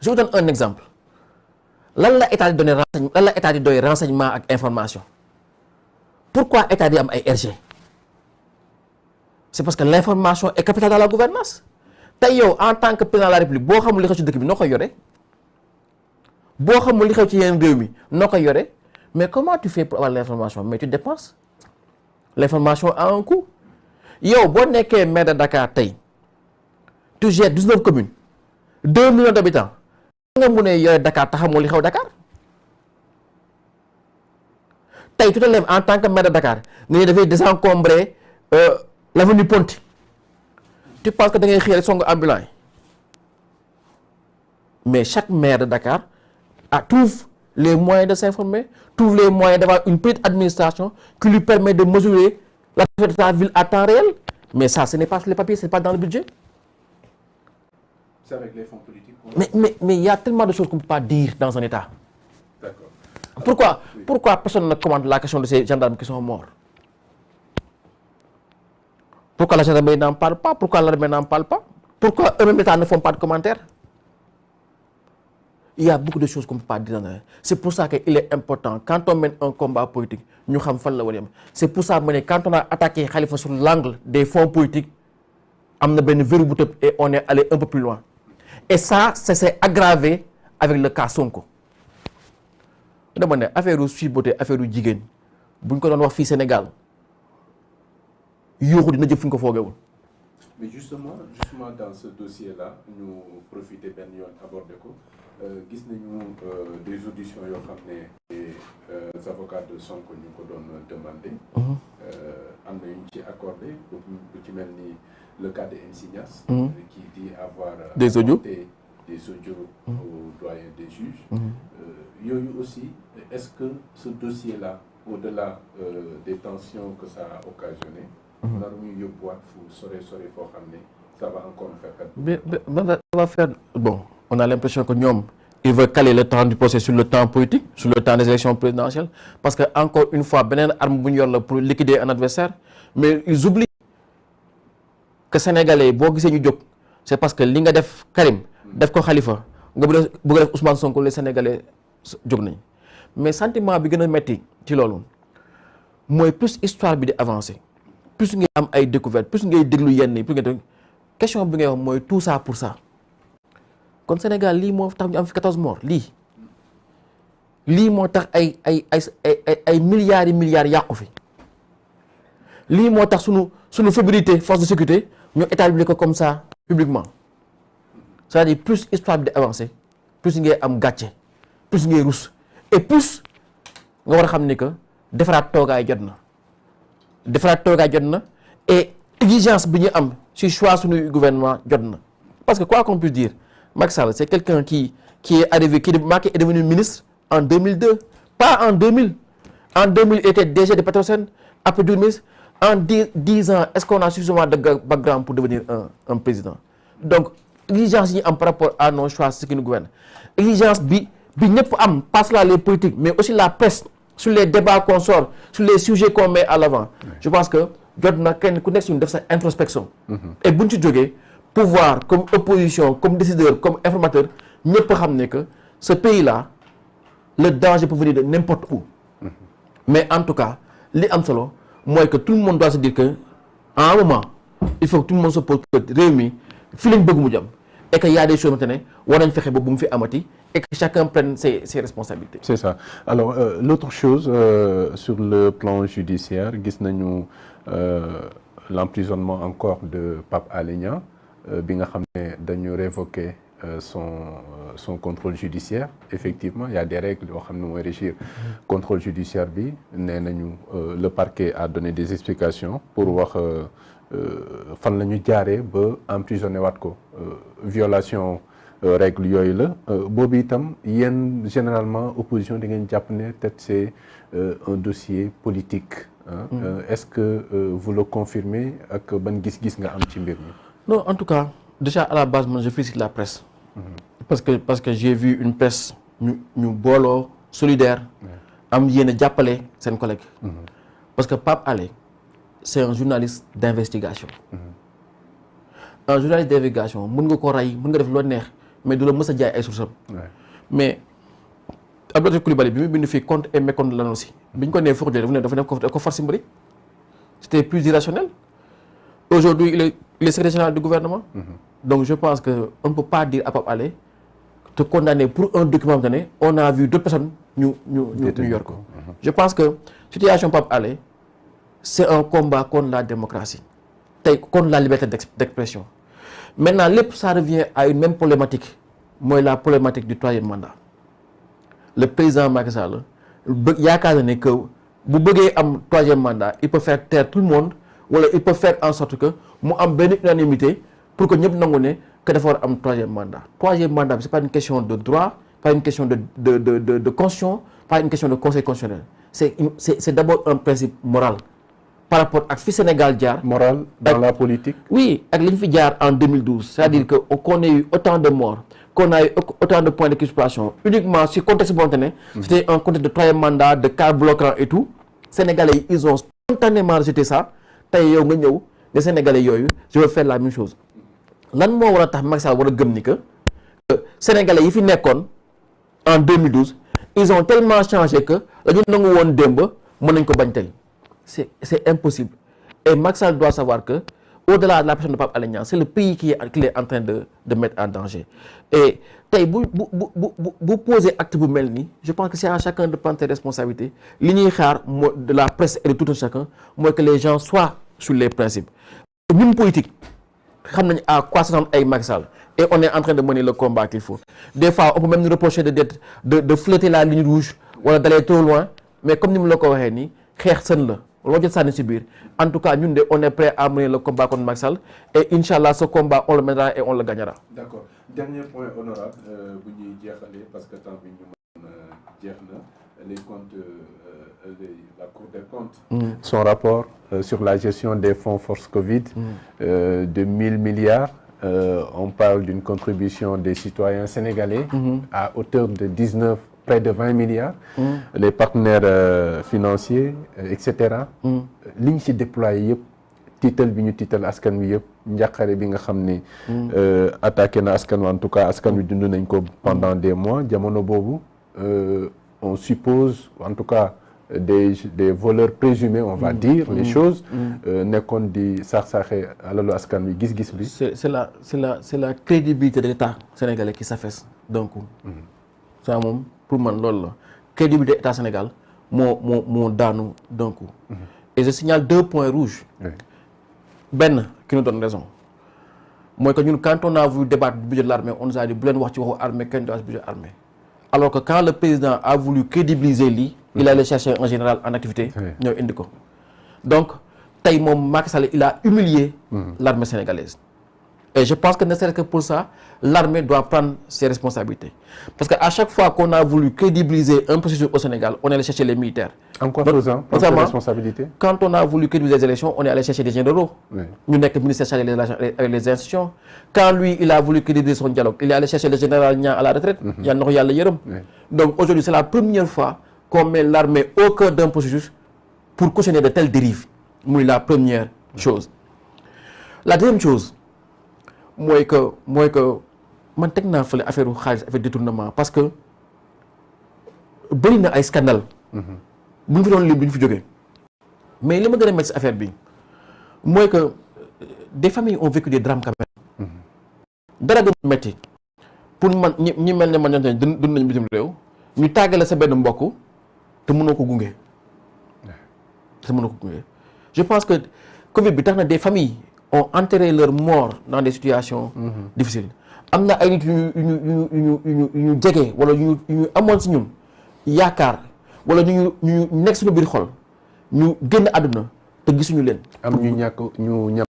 jour vous un exemple lan la état di donner renseignement lan la état doy renseignement ak information pourquoi état di am ay RG c'est parce que l'information est capitale dans la gouvernance tey yow en tant que président de la république boo xamul li xew ci dëkk bi noo ko yore boo xamul li xew ci yeneen réew mi noo koy yore mais comment tu fais pour avoir l'information mais tu dépenses l'information a un yow boo nekkee maire de Dakar tey tu gères 19 communes 2 millions d'habitants nga mu ne yore Dakar taxamoo li xew Dakar tey tu te lèves en tant que maire de Dakar nga ne dafay désencombrer euh, l'avenue Ponty tu penses que da ngay xëy rek songu ambulant mais chaque maire de Dakar a ah, trouve les moyens de s'informer trouve les moyens d'avoir une petite administration qui lui permet de mesurer la de sa ville à temps réel mais ça ce n'est pas les papiers ce n'est pas dans le budget C'est avec les fonds politiques. Mais mais, mais, y tellement de choses qu'on ne peut pas dire dans un État. Pourquoi, pourquoi personne ne commande la question de ces gendarmes qui sont morts Pourquoi la gendarmerie n'en parle pas Pourquoi l'armée n'en parle pas Pourquoi eux-mêmes l'État ne font pas de commentaires il y a beaucoup de choses qu'on ne peut pas dire. C'est pour ça qu'il est important, quand on mène un combat politique, nous savons fan la C'est pour ça que quand on a attaqué Khalifa sur l'angle des fonds politiques, et ça ça s'est aggravé avec casson ko Sonko dama ne affaire u suibote affaire u jigéen ñu ko doon wax fii Sénégal yuuxu dina jëf fu ñu ko foogewul mais justement justement dans ce dossier la ñu profiter benn yoon aborder ko euh, gis nañu euh, des auditions yoo xam ne des euh, avocats de Sonko ñu ko doon demandé mhm. am na ñu ci accordé bu ci mel ni le cas de MC Niass mhm. qui dit avoir des audios des audios mhm. au doyen des juges yooyu aussi est-ce que ce dossier là au-delà des tensions que ça a nar mhm. ñu yóbbuwaat fu sore bon on a l'impression que ñoom il veut caler le temps du procès sur le temps politique sur le temps des élections présidentielles parce que encore une fois beneen arme bu ñu yor la pour liquider un adversaire mais ils oublient que sénégalais boo gisee ñu jóg c'est parce que li nga def Karim def ko xalifa nga bëgg a def Ousmane Sonko les sénégalais jóg nañ mais sentiment bi gën a metti ci loolu mooy plus histoire bi di avancer plus ngay am ay découverte plus ngay déglu yenn yi plus ngay déglu question bi ngay wax mooy tout ça pour ça kon Sénégal lii moo tax ñu am fi 14 morts lii lii moo tax ay ay ay ay ay milliards yi milliards yàqu fi lii moo tax sunu sunu fébrilité force de sécurité ñu établir ko comme ça publiquement c'est-à-dire plus histoire bi di avancer plus ngay am gàcce plus ngay rus et plus nga war a xam ni que defaraat toogaay jot na. defaraat toogaay jot na et exigence bi ñu am ci choix suñu gouvernement jot na parce que quoi qu'on puisse dire Macky Sall c'est quelqu'un qui qui est arrivé qui Macky est devenu ministre en 2002 pas en 2000 en 2000 il était DG de Petrosen après du ministre en dix dix ans est-ce qu'on a suffisamment de background pour devenir un président donc exigence yi am par rapport à nos choix ce qui nous gouverne exigence bi bi ñëpp am pas seulement les politiques mais aussi la presse su les débats qu'on sort sur les sujets qu'on met à l'avant je pense que jot na kenn ku nekk suñu def sa introspection mhm. et buñ ci jógee pouvoir comme opposition comme décideur comme informateur ñëpp xam ne que ce pays là le danger peut venir de n'importe ou mhm. mais en tout cas li am solo mooy que tout le monde doit se dire que à un moment il faut que tout le monde se réew mi fii lañ bëgg mu jëm et qu'il y a des choses maintenant, on a mu fi amati et que chacun prenne ses, ses responsabilités. C'est ça. Alors, euh, l'autre chose euh, sur le plan judiciaire, nous euh, l'emprisonnement encore de Pape Alenia, bien euh, révoqué euh, son, euh, son contrôle judiciaire. Effectivement, il y a des règles qui nous régir. Contrôle judiciaire, bi, euh, le parquet a donné des explications pour wax Euh, fan la ñu jaaree ba emprisonné waat ko euh, violation euh, règle yooyu la boobu itam yenn généralement opposition di ngeen jàpp ne peut-être c'est un dossier politique mm. est-ce que vous le confirmez ak ban gis-gis nga am ci mbir mi non en tout cas déjà à la base man je félicite la presse mm-hmm. parce que parce que j'ai vu une presse ñu ñu booloo solidaire am yéen a jàppale seen collègue mm-hmm. parce que Pape Alé c'est un journaliste d'investigation mm-hmm. un journaliste d'investigation mën nga ko rey mun nga def loo neex mais du la mës a jaay ay mais Abdoulaye Coulibaly bi mu bind fii compte et la aussi bi ñu ko nee Fodé dafa ne dafa def ko farci mbëri c'était plus irrationnel aujourd'hui il est il est du gouvernement mm-hmm. donc je pense que on ne peut pas dire à Pape Alé te condamné pour un document donné on a vu d'autres personnes ñu ñu ñu mm-hmm. pense que situation Pape Alé c'est un combat contre la démocratie tey contre la liberté d'expression maintenant lépp sa revient à une même problématique mooy la problématique du troisième mandat le président Macky Sall bëgg yaakaar na ne que bu bëggee am troisième mandat il peut faire taire tout le monde wala il peut faire en sorte que mu am benn unanimité pour que ñëpp nangu ne que dafa war am troisième mandat troisième mandat bi c'est pas une question de droit pas une question de de de de de moral par rapport ak fi Sénégal jaar. morale dans la politique. oui ak li ñu fi jaar en 2012. cest dire que qu'on a eu autant de morts qu'on a eu autant de points de crispation uniquement sur contexte boobu ne. Mm-hmm. c'était un contexte de troisième mandat de cas bloquants et tout. Sénégalais yi ils ont spontanément rejeté ça tey yow nga ñëw Sénégalais yooyu je veux faire la même chose lan moo war a tax Macky Sall war a gëm ni que Sénégalais yi fi nekkoon en 2012 ils ont tellement changé que la ñu nangu woon démb mën nañ ko bañ tey. c'est impossible. Et Maxal doit savoir que, au-delà la personne de Pape Alé Niang, c'est le pays qui est, qui est en train de, de mettre en danger. Et tey bu bu bu poser acte bu mel nii je pense que c'est à chacun de prendre ses responsabilités li ñuy xaar de la presse et de tout un chacun mooy que les gens soient sur les principes. ñun politique xam nañ à quoi s'attendre ay Macky Sall et on est en train de mener le combat qu'il faut des fois on peut même nous reprocher de mais comme ni mu la ko waxee nii xeex sën la. loo jot sànni si biir en tout cas ñun de on est prêt à mener le combat contre Macky Sall et incha allah ce combat on le mènera et on le gagnera. d' dernier point honorable euh, bu ñuy jeexalee parce que temps bi euh, les comptes euh, mm. son rapport sur la gestion des fonds force Covid. Mmh. Euh, de mille milliards. on parle d'une contribution des citoyens sénégalais. Mmh. à hauteur de dix-neuf près de vingt milliards. Mm. les partenaires euh, financiers euh, mm. li ñu si déployé yëpp tiital bi ñu tiital askan wi yëpp njàqare bi nga xam ni mm. euh, attaqué na askan wi en tout cas askan wi dund nañ ko pendant des mois jamono boobu euh, on suppose en tout cas. des des voleurs présumés on va mmh, dire les mmh, choses nekkoon di saax-saaxe alalu askan wi gis-gis bi c'est la la c'est la crédibilité de l'État sénégalais qui s'affaisse donc ça moom pour man loolu la crédibilité état Sénégal moo moo moo daanu d'un coup et je signale deux points rouges benn ki nous donne raison mooy que ñun quand on a voulu débattre budget l'armée on nous a bu leen wax ci waxu armée kenn du wax budget armée alors que quand le président a voulu crédibiliser lii il mm-hmm. allait chercher un général en activité ñëw indi ko donc tey moom Macky Sall il a humilié mm-hmm. l'armée sénégalaise Et je pense que ne serait-ce que pour ça, l'armée doit prendre ses responsabilités. Parce qu'à chaque fois qu'on a voulu crédibiliser un processus au Sénégal, on est allé chercher les militaires. En quoi faisant Notamment, responsabilité quand on a voulu crédibiliser les élections, on est allé chercher des généraux. Oui. Nous n'est que le ministère chargé les institutions. Quand lui, il a voulu crédibiliser son dialogue, il est allé chercher le général Nian à la retraite, mm -hmm. oui. Donc aujourd'hui, c'est la première de telles dérives. C'est la première chose. La deuxième mooy que mooy que man teg naa fële affaire xaalis affaire détournement parce que bëri na ay scandale bu mm-hmm. ñu fi doon lim du fi jóge mais li ma gën a métti si affaire bi mooy que euh, des familles ont vécu des drames mm-hmm. pour man ñi ñi mel ne man ñoo xam ne dund nañu bitim réew ñu tàggale sa benn mbokk te mënoo ko gunge te mënoo ko gunge je pense que Covid bi tax na des familles ont enterré leurs morts dans des situations mhm. difficiles am na ay nit yu ñu yu ñu ñu ñu jege wala yu ñu amoon si ñun yaakaar wala ñu ñu ñu nekk suñu biir xol ñu génn àdduna te gisuñu leen. am ñu ñàkk ñu ñàkk.